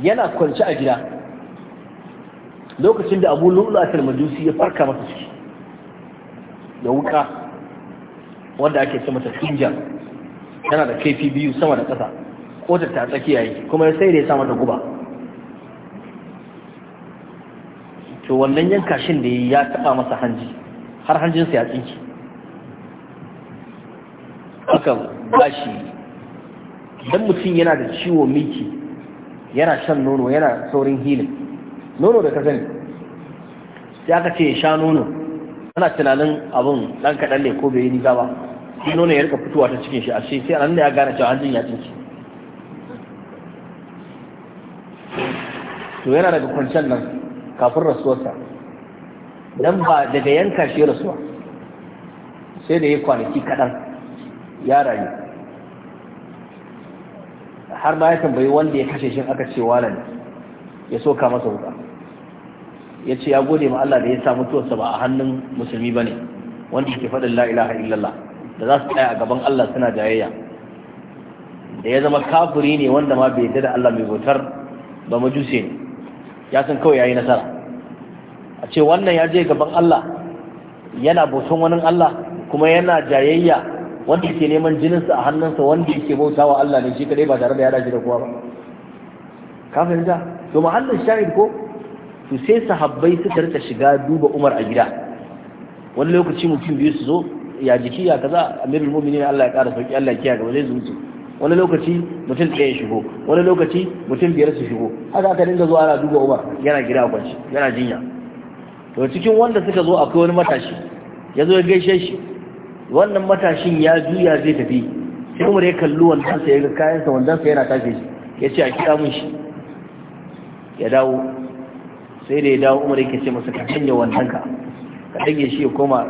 S1: yana kwanci a gida lokacin da Abu Lu'lu majusi ya farka masa ciki da wuka wanda ake ce mata tinja yana da kaifi biyu sama da ƙasa ko ta tsakiya yayi kuma ya sai da ya sa mata guba to wannan yanka yankashin da ya taɓa masa hanji har hanjinsa ya tsinki aka
S2: bashi
S1: idan mutum yana da ciwo miki yana shan nono yana saurin hilin nono da ka sani sai aka ce ya sha nono ana tunanin abin ɗan kaɗan ne ko bai yi nisa ba sai nono ya rika fitowa ta cikin shi a shi sai an ya gane cewa hanjin ya cinci to yana daga kwanciyar nan kafin rasuwarsa dan ba daga yanka shi rasuwa sai da ya kwanaki kaɗan ya rayu har ma ya tambayi wanda ya kashe shi aka ce walan ya soka masa wuka ya ce ya gode ma Allah da ya sa mutuwarsa ba a hannun musulmi ba ne wanda ke faɗin la ilaha illallah da za su tsaya a gaban Allah suna jayayya da ya zama kafiri ne wanda ma bai yarda da Allah mai bautar ba majusi ne ya san kawai yayi nasara a ce wannan ya je gaban Allah yana bautan wani Allah kuma yana jayayya wanda yake neman jininsa a hannunsa wanda yake bauta wa Allah ne shi kadai ba tare da ya dace da kowa ba ka fahimta to mahallin shahid ko to sai sahabbai suka rika shiga duba Umar a gida wani lokaci mutum biyu su zo ya jiki ya kaza amirul mu'minin Allah ya kara sauki Allah ya kiyaye gaba zai zuci wani lokaci mutum ɗaya ya shigo wani lokaci mutum biyar su shigo haka aka dinga zuwa ana duba Umar yana gida kwanci yana jinya to cikin wanda suka zo akwai wani matashi ya zo ya gaishe shi wannan matashin ya juya zai tafi sai umar ya kalli wannan sai ga kayansa wandansa yana tafe ya ce a kira mun shi ya dawo sai da ya dawo umar yake ce masa ka canja wannan ka dage shi ya koma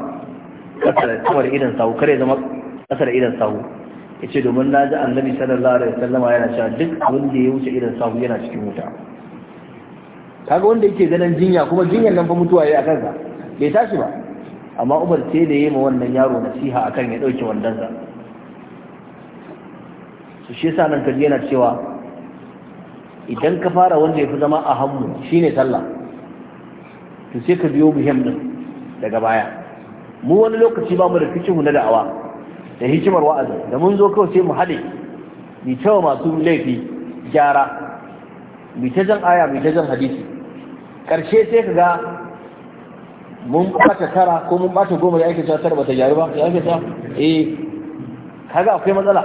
S1: kasar kamar idan sahu kare zama kasar idan sahu ya ce domin na ji annabi sallallahu alaihi wasallama yana cewa duk abin da ya wuce idan sahu yana cikin wuta kaga wanda yake ganin jinya kuma jinyan nan fa mutuwa yayi a sa bai tashi ba amma umar sai da yi ma wannan yaro nasiha akan ya ɗauke wandonsa su shi sa nan kaji yana cewa idan ka fara wanda ya fi zama a hannu shine sallah to sai ka biyo muhim din daga baya mu wani lokaci ba mu da fikihu na da'awa da hikimar wa'azi da mun zo kawai sai mu haɗe mu masu laifi gyara mu ta aya mu ta jan hadisi karshe sai ka ga mun bata tara ko mun bata goma da ake cewa bata gyaru ba ya ake cewa eh kaga akwai matsala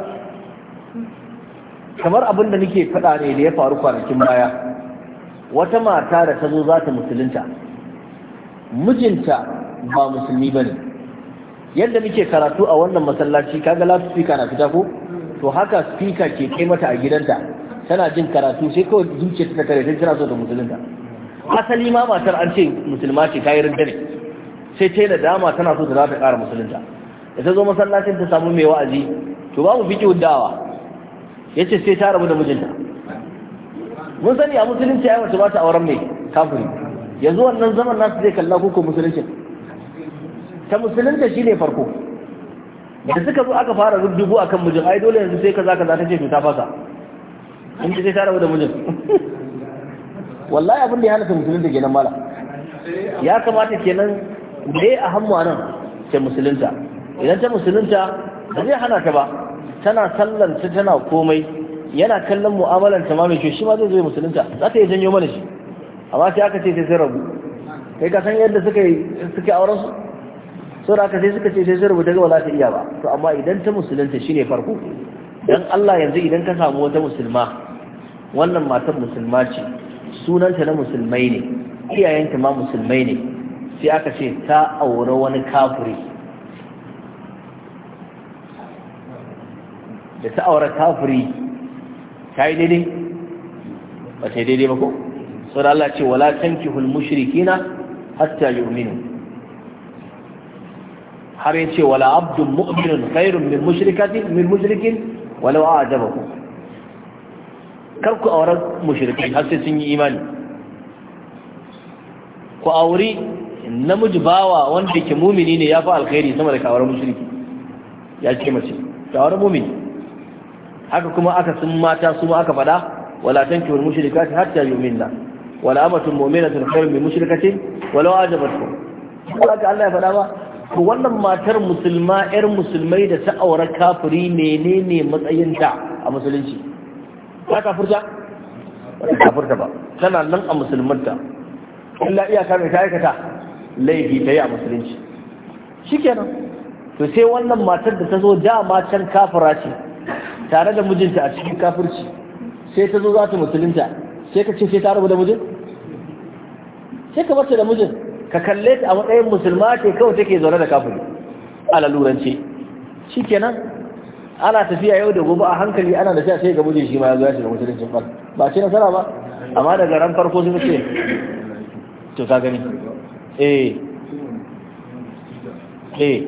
S1: kamar abin da nake faɗa ne da ya faru kwanakin baya wata mata da ta zo za ta musulunta mijinta ba musulmi bane yadda muke karatu a wannan masallaci kaga lati speaker na fita ko to haka speaker ke kai mata a gidanta tana jin karatu sai kawai zuciyarta ta kare sai tana so ta musulunta asali ma matar an ce musulma ce ta yi rinta ne sai ce da dama tana so ta za ta ƙara musulunta da ta zo masallacin ta samu mai wa'azi to babu fiki dawa ya ce sai ta rabu da mijinta mun sani a musulunci ya mace ba ta auren mai kafiri yanzu wannan zaman nasu zai kalla ko musulunci ta musulunta shi ne farko da suka zo aka fara rubdugu akan mijin ai dole yanzu sai kaza kaza ta ce to ta fasa in ce sai ta rabu da mijin wallahi abin da ya halatta da kenan mala ya kamata kenan me a hannu nan ta musulunta idan ta musulunta ba zai hana ta ba tana ta tana komai yana kallon mu'amalar ta mamaye kyau, shi ma zai zai musulunta za ta yi janyo mana shi amma sai aka ce sai sai rabu kai ka san yadda suka yi suke auren su sau da aka sai suka ce sai sai rabu daga wala za ta iya ba to amma idan ta musulunta shine farko dan Allah yanzu idan ka samu wata musulma wannan matar musulma ce sunanta na musulmai ne iyayenta ma musulmai ne sai aka ce ta aure wani kafiri da ta aure kafiri ta yi daidai ba ta yi daidai ba ko sau da Allah ce wala tankihul mushrikina hatta yu'minu har yace wala abdun mu'minun khairun min mushrikatin min mushrikin walau a'jabakum kar ku auren mushirikai har sai sun yi imani ku auri namiji bawa wanda ke mumini ne ya fi alkhairi sama da kawar mushriki ya ce mace kawar mumini haka kuma aka sun mata su ma aka faɗa wala tankihul mushrikati hatta yu'minna wala amatun mu'minatin khairun min mushrikatin walau ajabatkum ko aka Allah ya faɗa ba wannan matar musulma yar musulmai da ta aure kafiri menene matsayin ta a musulunci ta kafurta ba ta kafurta ba tana nan a musulmanta illa iyaka mai ta aikata laifi ta yi a musulunci kenan to sai wannan matar da ta zo dama can kafura ce tare da mijinta a cikin kafurci sai ta zo za ta musulunta sai ka ce sai ta rabu da mijin sai ka bace da mijin ka kalle ta a matsayin musulma ce kawai take zaune da kafuri. a lalurance kenan ana tafiya yau da gobe a hankali ana da sai ga buje shi ma ya zo da shiga musulunci ba ba ce nasara ba amma daga ran farko sun ce to ka gani eh eh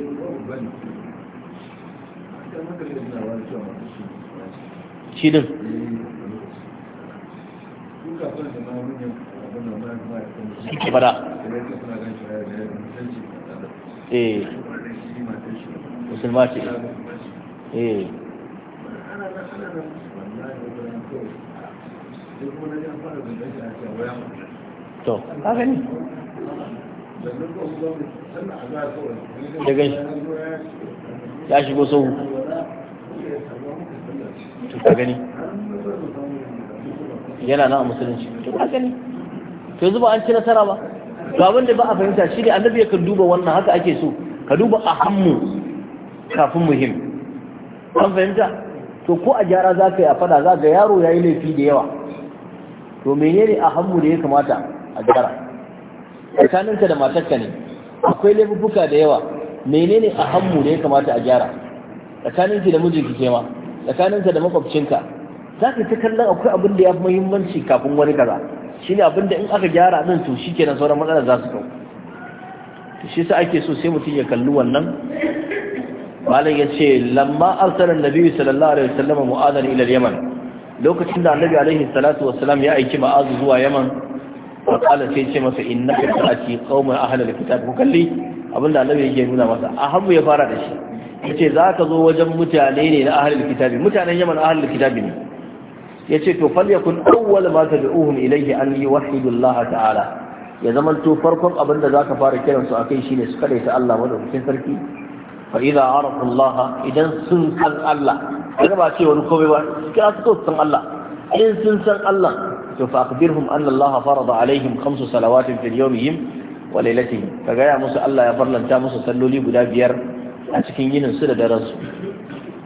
S1: shi din
S2: suke eh musulma ce eh to haka ne ya shigo sau ka
S1: gani yana nan a musulunci to ka gani to yanzu ba an ci nasara ba to abin da ba a fahimta shi ne annabi yakan duba wannan haka ake so ka duba a ahammu kafin muhim an fahimta to ko a gyara za ka yi a fada za ga yaro ya yi laifi da yawa to menene a hannu da ya kamata a gyara tsakaninka da matarka ne akwai laifuka da yawa menene a hannu da ya kamata a gyara tsakaninka da mijinki ke ma tsakaninka da makwabcinka za ka ta kallon akwai abin da ya fi muhimmanci kafin wani kaza ne abin da in aka gyara nan to kenan sauran matsalar za su kau to shi sa ake so sai mutum ya kalli wannan malam ya ce lamma arsalan nabi sallallahu alaihi wasallam mu'adhan ila yaman lokacin da annabi alaihi salatu wasallam ya aiki ma'azu zuwa yaman wa qala sai ce masa innaka ta'ati qauman ahli alkitab ku kalli abinda annabi yake nuna masa ahabu ya fara da shi yace zaka zo wajen mutane ne na ahli alkitab mutanen yaman ahli alkitab ne yace to fal falyakun awwal ma tad'uhum ilayhi an yuwahhidu Allah ta'ala ya zamanto farkon abinda zaka fara kiransu akai shine su kadaita Allah madaukakin sarki fa idza arafu Allah idan sun san Allah kaga ba ce wani komai ba kira su san Allah in sun san Allah to fa akhbirhum anna Allah farada alaihim khamsu salawatin fil yawmihim wa lailatihim kaga ya musu Allah ya farlanta musu salloli guda biyar a cikin yinin su da daren su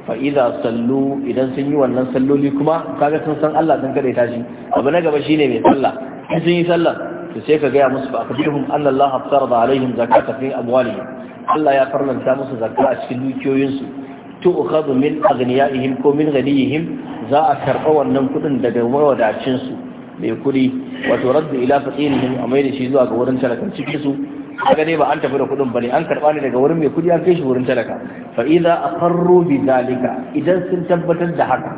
S1: fa idza sallu idan sun yi wannan salloli kuma kaga sun san Allah sun kadaita tashi. abu na gaba shine mai sallah in sun yi sallah to sai ka gaya musu ba. fa akbirhum anna Allah farada alaihim zakata fi amwalihim Allah ya farlanta musu zakka a cikin dukiyoyinsu tu'khadhu min aghniyaihim ko min ghaniyihim za a karɓa wannan kuɗin daga mawadacin su mai kudi, wato raddu ila faqirihim a mai da shi zuwa ga wurin talakan cikin su kaga dai ba an tafi da kuɗin bane an karɓa ne daga wurin mai kudi an kai shi wurin talaka fa idza aqarru bi zalika idan sun tabbatar da haka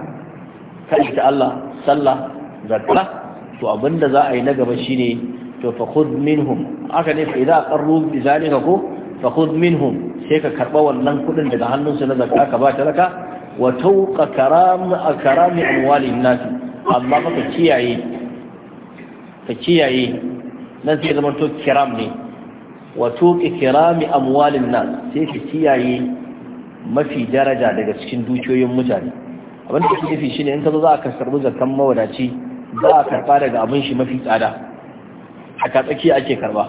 S1: kai ta Allah sallah zakka to abinda za a yi na gaba shine to fa khudh minhum aka ne fa idza qarru bi zalika ko fa khudh minhum sai ka karba wannan kudin daga hannunsu na zakka ka ba talaka wa tawqa karam karami amwalin nas amma fa kiyaye ka kiyaye nan sai zaman to kiram ne wa tuqi kirami amwalin nas sai ka kiyaye mafi daraja daga cikin dukiyoyin mutane abin da kake nufi shine in ka zo za ka karbi zakkan mawadaci za a karba daga abin shi mafi tsada a tsaki ake karba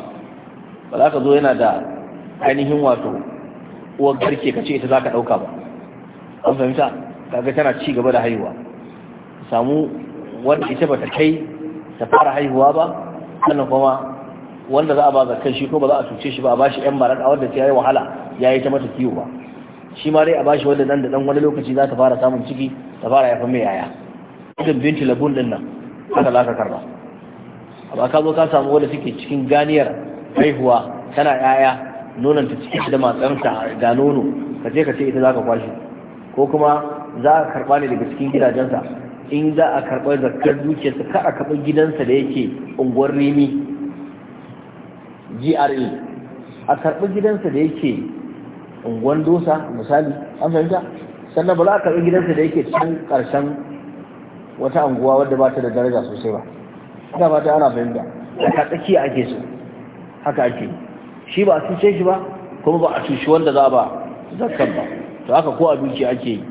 S1: ba za ka zo yana da ainihin wato uwar garke ka ce ita za ka ɗauka ba an fahimta kaga tana ci gaba da haihuwa samu wanda ita ba ta kai ta fara haihuwa ba sannan kuma wanda za a ba zakkan shi ko ba za a cuce shi ba a bashi yan mara wanda ta yi wahala ya yi ta mata kiwo ba shi ma dai a bashi wanda dan da dan wani lokaci za ta fara samun ciki ta fara yafa mai yaya idan binti labun din nan haka za ka karba amma ka zo ka samu wanda suke cikin ganiyar haihuwa tana yaya nonon ta cikin da matsanta ga nono ka je ka ce ita za ka kwashe ko kuma za a karɓa ne daga cikin gidajensa in za a karba zakar dukiyarsa ka a karɓar gidansa da yake unguwar rimi GRE a karɓi gidansa da yake unguwar dosa misali an fahimta sannan ba za a karɓi gidansa da yake can ƙarshen wata unguwa wadda ba ta da daraja sosai ba ina ba ta ana fahimta daga tsakiya ake so haka ake shi ba a cuce shi ba kuma ba a cuci wanda za ba zakkan ba to haka ko a dukiya ake yi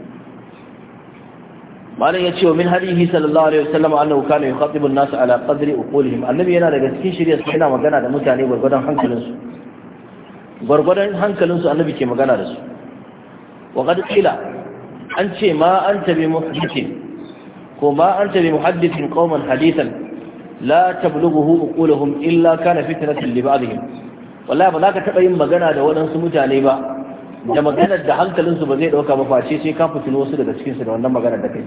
S1: malam ya ce wa min hadihi sallallahu alaihi wasallam annahu kana yukhatibu an-nas ala qadri uqulihim annabi yana daga cikin shirya su yana magana da mutane gurgurdan hankalinsu gurgurdan hankalinsu annabi ke magana da su wa qad qila an ce ma anta bi muhaddithin ko ma anta bi muhaddithin qauman hadithan Lata tablughu uquluhum illa kana fitnatan li ba'dihim wallahi ba za ka taba yin magana da waɗansu mutane ba da maganar da hankalinsu ba zai ɗauka ba face sai ka fitino wasu daga cikinsu da wannan maganar da kai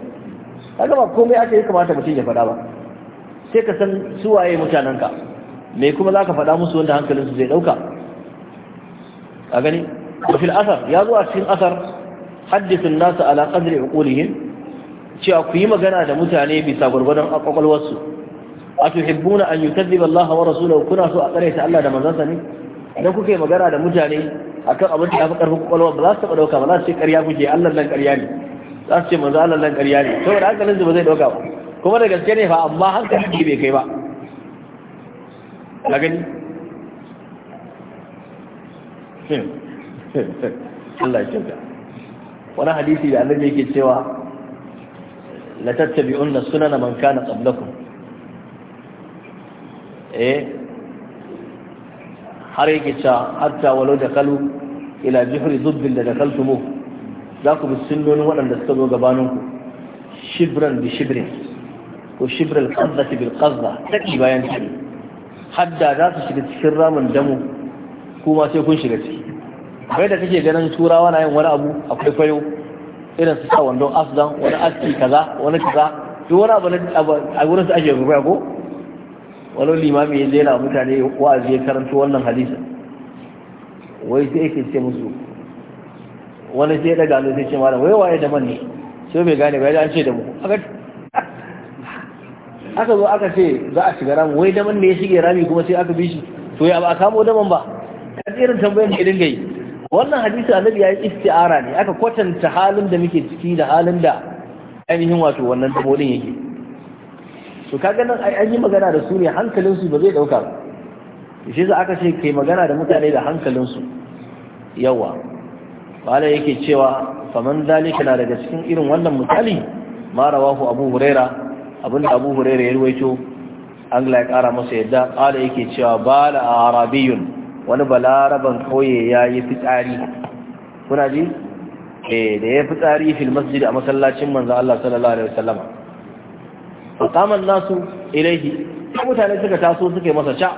S1: kaga ba komai aka yi kamata mutum ya faɗa ba sai ka san su waye mutanenka me kuma za ka faɗa musu wanda hankalinsu zai ɗauka a gani wafil asar ya zuwa cikin asar haddisun nasu ala qadri uqulihim cewa ku yi magana da mutane bisa gwargwadon kwakwalwarsu atuhibbuna an yukadhiba Allah wa rasuluhu kuna so a kare ta Allah da manzansa ne idan kuke magana da mutane akan abin da ya fi karfin kwakwalwa ba za su taɓa ɗauka ba za su ce ƙarya kuke Allah nan ƙarya ne za su ce manzo Allah nan ƙarya ne da hankalin su ba zai ɗauka ba kuma da gaske ne fa amma hankalin ne bai kai ba na gani Allah ya kyauta wani hadisi da annabi yake cewa la tattabi'unna sunana man kana qablakum eh har yake ta hatta walau da kalu ila jihri zubbin da dakaltumu za ku bi sunnoni waɗanda suka zo gabaninku shibran bi shibrin ko shibral qazzati bil qazza taki bayan taki hadda za su shiga cikin ramin damu kuma sai kun shiga ciki bai da kake ganin turawa na yin wani abu akwai kwayo irin su sa wandon afdan wani aski kaza wani kaza duk wani abu a wurin su ake rubuwa ko wani limami ya zaina mutane wa'azi ya karanta wannan hadisa. wai sai yake ce musu wani sai ya daga hannu sai ce malam wai waye da manne sai bai gane ba ya an ce da mu aka zo aka ce za a shiga rami wai da ne ya shige rami kuma sai aka bi shi to ya ba a kamo man ba kan irin tambayar da dinga yi wannan hadisi annabi ya yi isti'ara ne aka kwatanta halin da muke ciki da halin da ainihin wato wannan dabodin yake ka ganin nan an yi magana da su ne hankalinsu ba zai ɗauka ba shi za aka ce kai magana da mutane da hankalinsu yawa wala yake cewa faman zalika na daga cikin irin wannan misali ma rawahu abu huraira abinda abu huraira ya ruwaito an la kara masa yadda wala yake cewa bala arabiyun wani balaraban kauye ya yi fitsari kuna ji eh, da ya fitsari fil masjid a masallacin manzo Allah sallallahu alaihi wasallama faqaman nasu ilaihi mutane suka taso suka yi masa ca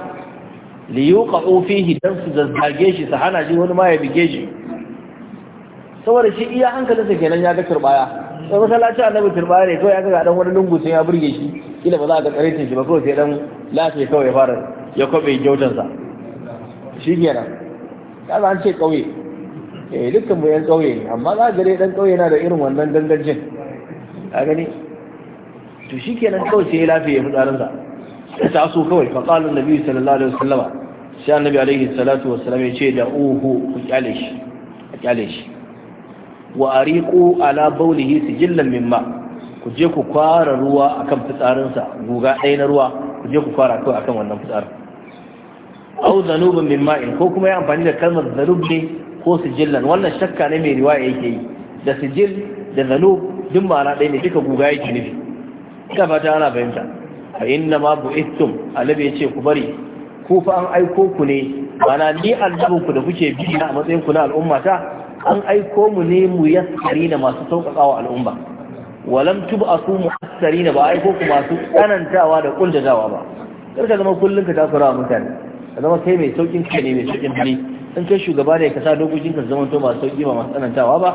S1: li yuqa'u fihi su zazzage shi su hana shi wani ma ya bige shi saboda shi iya hankalinsa kenan ya ga turbaya sai masallaci annabi turba ne kawai aka ga dan wani lungu sai ya burge shi kila ba za a ga tsare shi ba kawai sai dan lafiya kawai ya fara ya kwabe gyautan sa shi kenan za a ce kauye eh dukkan mu yan kauye amma za ga dai dan kauye yana da irin wannan gangancin a gani to shi kenan kawai sai ya lafi ya fitsarinsa ya taso kawai faƙalin nabi sallallahu alaihi wasallama sai annabi alaihi salatu wasallam ya ce da uhu ku kyale shi a kyale shi wa ariqu ala bawlihi sijillan mimma ku je ku kwara ruwa akan fitsarinsa guga ɗaya na ruwa ku je ku kwara kawai akan wannan fitsarin au zanubin mimma in ko kuma ya amfani da kalmar zanub ne ko sijillan wannan shakka ne mai riwaya yake yi da sijil da zanub duk ma'ana ɗaya ne duka guga yake nufi ina fata ana fahimta a inda ma bu'ithum alabi ce ku bari ku fa an aiko ku ne mana ni annabin da kuke bi na a matsayin ku na al'umma ta an aiko mu ne mu yassari da masu sauƙaƙawa al'umma walam tub'asu mu'assari da ba aiko ku masu tsanantawa da kuntatawa ba kar ka zama kullum ka takura mutane ka zama kai mai sauƙin kai ne mai sauƙin hali in kai shugaba ne ka sa dokokin ka zama to masu sauƙi ba masu tsanantawa ba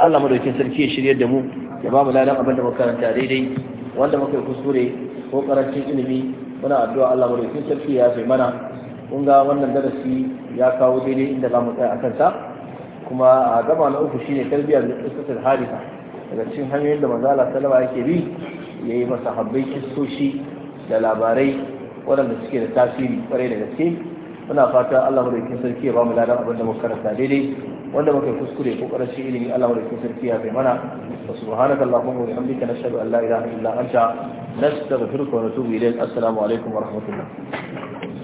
S1: Allah madaukin sarki ya shirya da mu ya ba mu ladan abin da muka karanta daidai wanda muka yi kuskure ko karancin ilimi muna addu'a Allah mu rufe sarki ya fi mana kun ga wannan darasi ya kawo daidai inda za mu tsaya a ta kuma a gaba na uku shine tarbiyyar lissatul harisa daga cikin hanyoyin da manzo Allah sallama yake bi yayi masa habbai kistoshi da labarai waɗanda suke da tasiri kwarai da gaske muna fata Allah madaukakin sarki ya ba mu ladan abin da muka karanta daidai wanda muka kuskure ko karanci ilimi Allah madaukakin sarki ya bai mana subhanaka allahumma wa bihamdika nashhadu an la ilaha illa anta nastaghfiruka wa natubu ilayk assalamu alaikum wa rahmatullah